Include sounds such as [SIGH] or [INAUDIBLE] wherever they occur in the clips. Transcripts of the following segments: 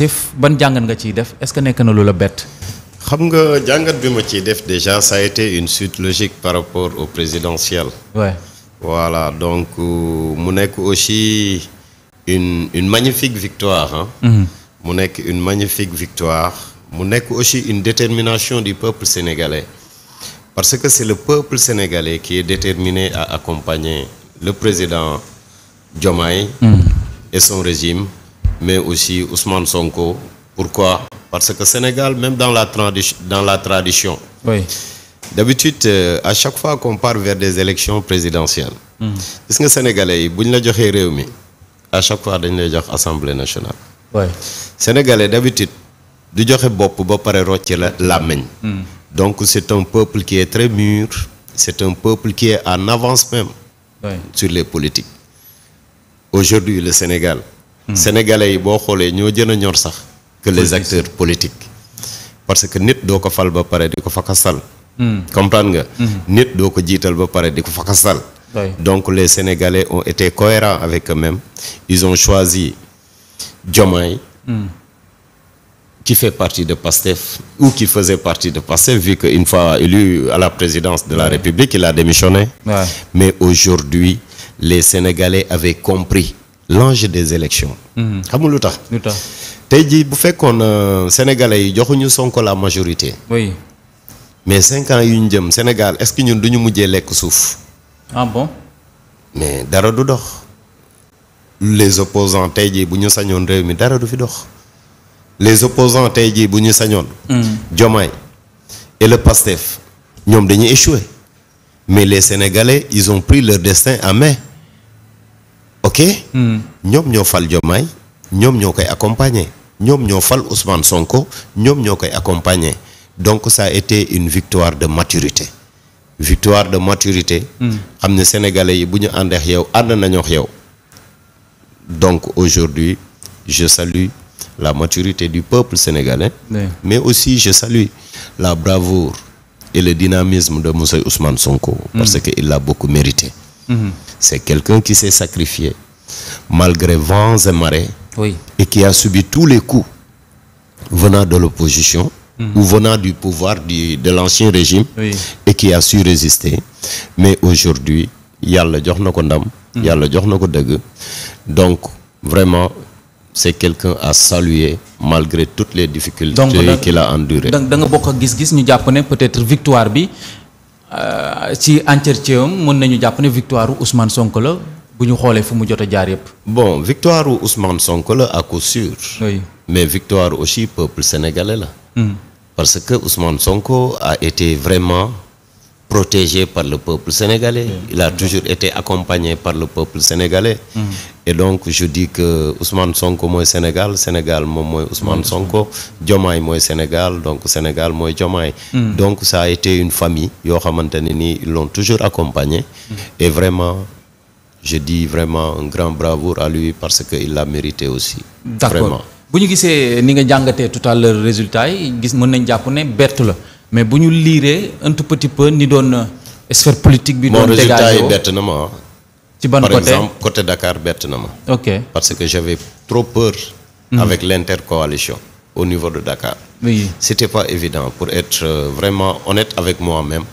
Sif ban jàngat nga ciy def est-ce que nekk na lu la bett. xam nga jàngat bi ma ciy def déjà ça été une suite logique par rapport au présidentiel. Ouais. voilà donc euh, mu nekk aussi une une magnifique victoire mm-hmm. mu nekk une magnifique victoire. mu nekk aussi une détermination du peuple sénégalais parce que c'est le peuple sénégalais qui est déterminé à accompagner le président Diomaye. Mm-hmm. et son régime. mais aussi Ousmane Sonko pourquoi parce que Sénégal même dans la tradition dans la tradition oui d'habitude euh, à chaque fois qu'on vers des élections présidentielles hmm. gis nga sénégalais yi bu ñu la joxee réew mi à chaque fois dañu lay jox assemblée nationale oui sénégalais d'habitude du joxe bopp ba pare rocc la làmmiñ hmm. donc c'est un peuple qui est très mûr c'est un peuple qui est en avance même oui. sur les politiques aujourd'hui le Sénégal Hmm. sénégalais yi boo xoolee ñoo gën a sax que les acteurs politiques parce que nit doo ko fal ba pare di ko sal hmm. comprendre nga hmm. nit doo ko jiital ba pare di ko fakasal donc les sénégalais ont été cohérents avec eux-mêmes ils ont choisi Diomaye qui fait partie de PASTEF ou qui faisait partie de PASTEF vu qu'une fois élu à la présidence de la République il a démissionné mais aujourd'hui les sénégalais avaient compris l'enjeu des élections mhm. xamul lu tax lu tax tey jii bu fekkoon euh, sénégalais yi joxuñu Sonko la majorité mais cinq ans yu ñu jëm Sénégal est-ce que ñun duñu mujjee lekk suuf ah bon mais dara du dox les opposants tey jii bu ñu sañoon réew mi dara du fi dox les opposants tey jii bu ñu sañoon mm. Diomaye et le Pastef ñoom dañuy échoué mais les Sénégalais ils ont pris leur destin en mais ok. Hmm. ñoom ñoo fal Diomaye ñoom ñoo koy accompagner ñoom ñoo fal Ousmane Sonko ñoom ñoo koy accompagner donc ça a été une victoire de maturité victoire de maturité. Hmm. xam ne sénégalais yi bu ñu ànd ak yow ànd nañoo ak yow. donc aujourd'hui je salue la maturité du peuple sénégalais. mais aussi je salue la bravoure et le dynamisme de monsieur Ousmane Sonko. Hmm. parce que il l'a beaucoup mérité. C'est quelqu'un qui s'est sacrifié malgré vents et marées oui. et qui a subi tous les coups venant de l'opposition mm -hmm. ou venant du pouvoir de l'ancien régime oui. et qui a su résister. Mais aujourd'hui, yàlla jox na ko ndam. Mhm. yàlla jox na ko dëgg. donc vraiment c'est quelqu'un à saluer malgré toutes les difficultés qu'il a endurées. donc da nga bokk gis-gis ñu jàpp ne peut-être victoire bi. Euh, ci entretien am mën nañu jàpp ne victoire Ousmane Sonko la bu ñu xoolee fu mu jot a jaar yëpp. bon victoire Ousmane Sonko la à coup sûr. mais victoire aussi peuple sénégalais la. Mm. parce que Ousmane sonk a été vraiment. protégé par le peuple sénégalais. Il a toujours été accompagné par le peuple sénégalais. Mm-hmm. Et donc je di que Ousmane Sonko mooy Sénégal Sénégal moom mooy Ousmane mm-hmm. Sonko Diomaye mooy Sénégal donc Sénégal mooy Diomaye. Mm-hmm. Donc ça a été une famille yoo xamante ne nii ils toujours accompagné. Et vraiment je di vraiment un grand bravoure à lui parce que il l'a mérité aussi. D'accord. bu ñu gisee ni nga jàngatee tout à résultat yi gis mën nañ jàpp ne bett la. mais bu ñu liiree un tout petit peu ni doon euh, sphère politique bi. doon dégagé bett na ma ci ban côté côté Dakar bett na ma. ok parce que j'avais trop peur. Mmh. avec l'intercoalition au niveau de Dakar. oui c'était pas évident pour être euh, vraiment honnête avec moi-même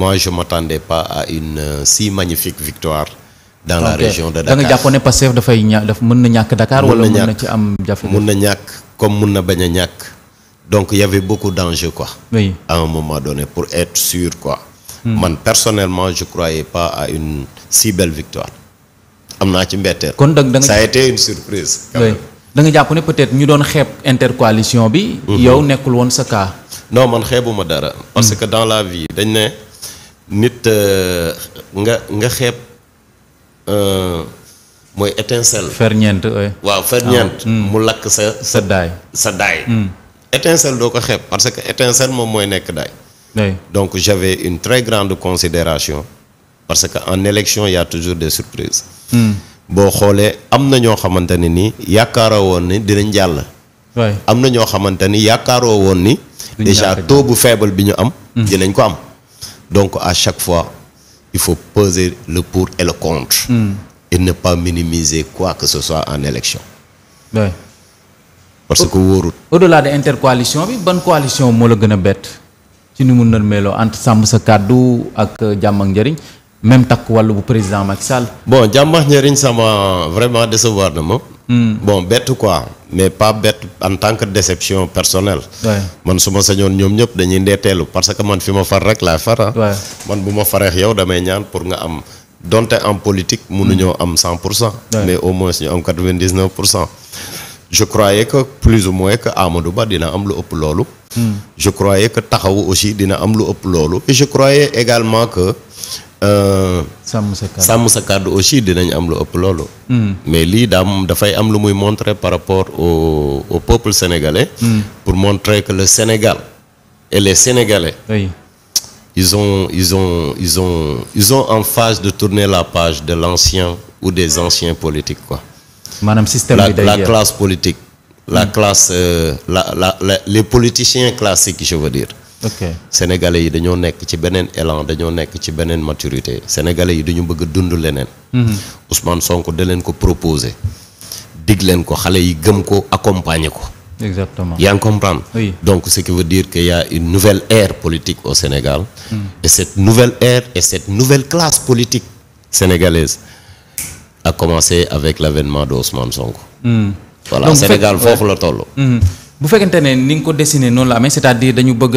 moi je m'attendais pas à une euh, si magnifique victoire. dans la région de Dakar da nga jàppoon ne Pastef dafay ña daf mën na ñàkk Dakar. wala mën na ci am jafe-jafe na ñàkk comme mun na bañ a ñàkk. donc il y avait beaucoup d'enjeux quoi oui. à un moment pour être sûr quoi hmm. man personnellement je croyais pas à une si belle victoire am naa ci mbetteel kon da nga ça a été une jàpp ne peut-être ñu doon xeeb intercoalition bi hmm. yow nekkul woon sa cas non man xeebuma dara hmm. parce que dans la vie dañ ne nit euh, nga nga xeeb euh, mooy étincelle ferñeent waaw ferñeent ah, mu lakk sa sa daay sa daay étincelle doo ko xeeb parce que étincelle moom mooy nekk daay. donc j'avais une très grande considération parce que en élection il toujours des surprises. Hmm. boo xoolee am na ñoo xamante ne ni yaakaaroo woon ni dinañ jàll. am na ñoo xamante ni yaakaaroo woon ni. déjà taux faible bi ñu am. Hmm. dinañ ko am donc à chaque fois il faut peser le pour et le contre. Mm. ne pas minimiser quoi que ce soit en élection. parce que wóorut. au de intercoalition bi ban coalition moo la gën a bett ci ni mun na melo entre sàmm sa kàddu ak euh, jàmm ak njëriñ même takk wàllu bu président mag Sall. bon jàmmax ak njëriñ sama vraiment décevoir na ma. Hmm. bon bett quoi mais pas bett en tant que déception personnelle. man su ma sañoon ñoom ñëpp dañuy ndeeteelu parce que man fi ma far rek laay far ah. man bu ma fareex yow damay ñaan pour nga am donte en politique. mënuñoo am 100 pour cent. mais au moins ñu am 99 pour cent. je croyais que plus ou moins que Amadou Ba dina am lu ëpp loolu. Hmm. je croyais que Taxawu aussi dina am lu ëpp loolu. et je croyais également que. Euh, sàmm sa sàmm sa kàddu aussi dinañ am lu ëpp loolu. Hmm. mais lii daam dafay am lu muy montrer par rapport au au peuple sénégalais. Hmm. pour montrer que le Sénégal et les Sénégalais. Oui. ils ont ils en phase de tourner la page de l'ancien ou des anciens politiques quoi. maanaam système bi day la classe politique. la hmm. classe euh, la la la les politiciens classiques je veux dire. ok sénégalais yi dañoo nekk ci beneen élan dañoo nekk ci beneen maturité sénégalais yi dañu bëgg dund leneen. Hmm. Ousmane Sonko da leen ko proposé. dig leen ko xale yi gëm ko accompagner ko. exactement yaa ngi comprendre. Oui. donc ce qui veut dire que y a une nouvelle ère politique au Sénégal. Mm. et cette nouvelle ère et cette nouvelle classe politique sénégalaise. à commencer avec l'avènement d'Ousmane Sonko. Mm. voilà Sénégal foofu la toll. Hmm. bu fekkente ni nga ko dessiné noonu la amee c'est-à-dire dañu bëgg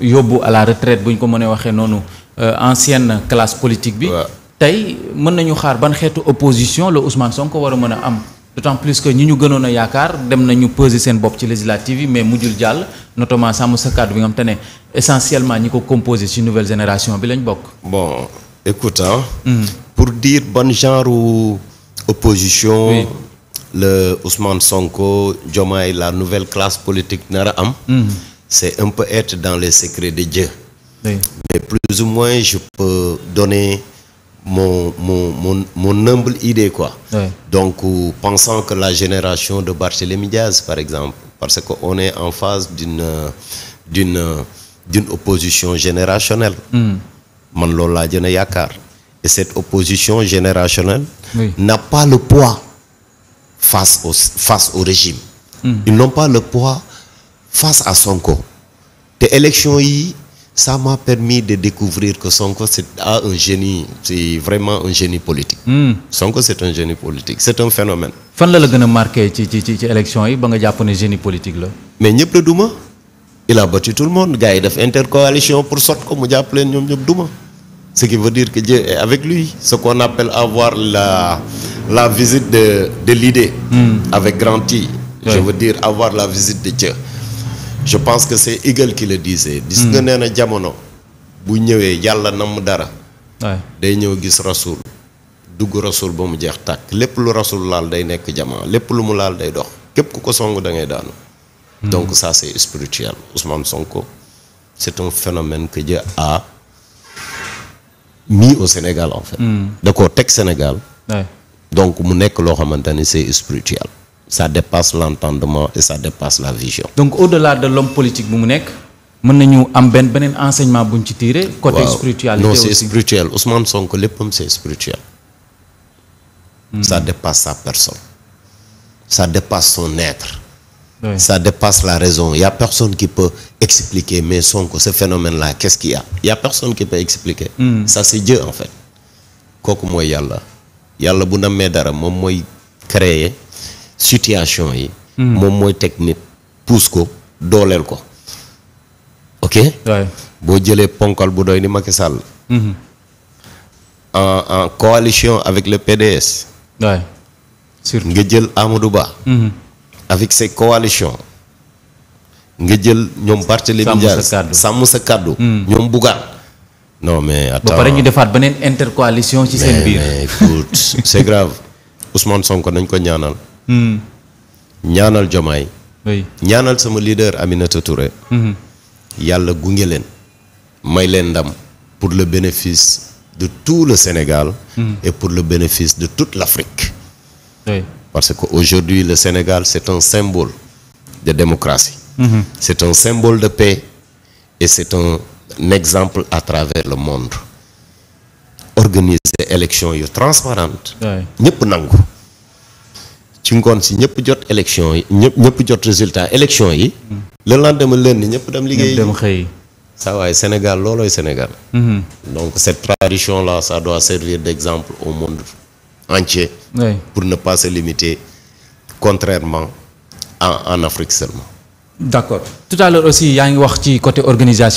yóbbu à la retraite bu ko mënee waxee noonu euh, ancienne classe politique bi. tey mën nañu xaar ban xeetu opposition la Ousmane Sonko war a mën a am. d'autant plus que ñi ñu gënoon a yaakaar dem nañu peser seen bopp ci législative yi mais mujjul jàll notamment sàmm sa kàddu bi nga xam ne essentiellement ñi ko composé bi lañ écoute hein, hmm. pour dire bon genre ou opposition oui. le Ousmane Sonko Diomaye la nouvelle classe politique nar am mm. c'est un peu être dans les secrets de Dieu oui. mais plus ou moins je peux donner mon humble idée quoi donc pensant que la génération de Barthélémy Diaz par exemple parce que on est en phase d'une d'une d'une opposition générationnelle hmm. man loolu laa jën a yaakaar et cette opposition générationnelle oui. n'a pas le poids face au face au régime mm. ils n'ont pas le poids face à Sonko te élection yi ça m'a permis de découvrir que Sonko c'est ah, un génie c'est vraiment un génie politique mm. Sonko c'est un génie phénomène fan la la gën a marqué ci ci ci élection yi ba nga jàpp ne génie politique la mais ñëpp la duma il a battu tout le monde gars yi intercoalition pour sot ko mu jàpp leen ñoom ñëpp duma Ce qui veut dire que je est avec lui. Ce qu'on appelle avoir la, la visite de, de l'idée mm. avec grand I. Oui. Je la visite de Dieu. Je pense que c'est Hegel qui le di Dis nga hmm. nee na jamono bu ñëwee yàlla namm dara. day ñëw gis rasul. dugg rasul ba mu jeex tàkk lépp lu rasul laal day nekk jamono lépp lu mu laal day dox képp ku ko song da ngay daanu. Hmm. donc ça c'est spirituel Ousmane Sonko c'est un phénomène que Dieu a. mis au Sénégal en fait. Hmm. da koo teg Sénégal. donc mu nekk loo xamante ni c'est spirituel. ça dépasse l'entendement et ça dépasse la vision. donc au-delà de l'homme politique bu mu nekk. mën nañu am benn beneen enseignement buñ ci tirer. côté wow. spiritualité non c'est aussi. spirituel Ousmane Sonko léppam c'est spirituel. Mm. ça dépasse sa personne. ça dépasse son être. oui. ça dépasse la raison il y a personne qui peut expliquer mais Sonko ce phénomène là qu'est-ce y a il y personne qui peut expliquer mm. ça c'est en fait kooku mooy yàlla yàlla bu nammee dara moom mooy créer situation yi mm. moom mooy teg nit puus ko dooleel ko ok boo jëlee ponkal bu doy ni Macky Sall mm-hmm. en en coalition avec le PDS nga jël Amadou Ba mm avec ses coalitions nga jël ñoom Barthélémy Dias sàmm sa kàddu hmm. ñoom Bougane non mais attends ñu defaat beneen intercoalition ci seen biir mais écoute [LAUGHS] c'est grave Sonko nañ ko ñaanal hmm. ñaanal ñaanal sama leader Aminata hmm. yàlla gunge leen may leen ndam pour le bénéfice de tout le Sénégal et pour le bénéfice de toute l'Afrique Parce que qu'aujourd'hui, le Sénégal, c'est un symbole de démocratie. Mmh. C'est un symbole de paix et c'est un, exemple à travers le monde. Organiser élection transparente. ñëpp nangu ci ngoon si ñëpp jot élection yi ñëpp ñëpp jot résultat élection yi. Mm-hmm. le lendemain lundi ñëpp dem liggéey dem xëy. saa Sénégal loolooy Sénégal. Mm-hmm. donc cette tradition là ça doit servir d'exemple au monde. entier oui. pour ne pas se limiter contrairement en en Afrique seulement. d'accord tout aussi yaa ngi wax ci côté organisation.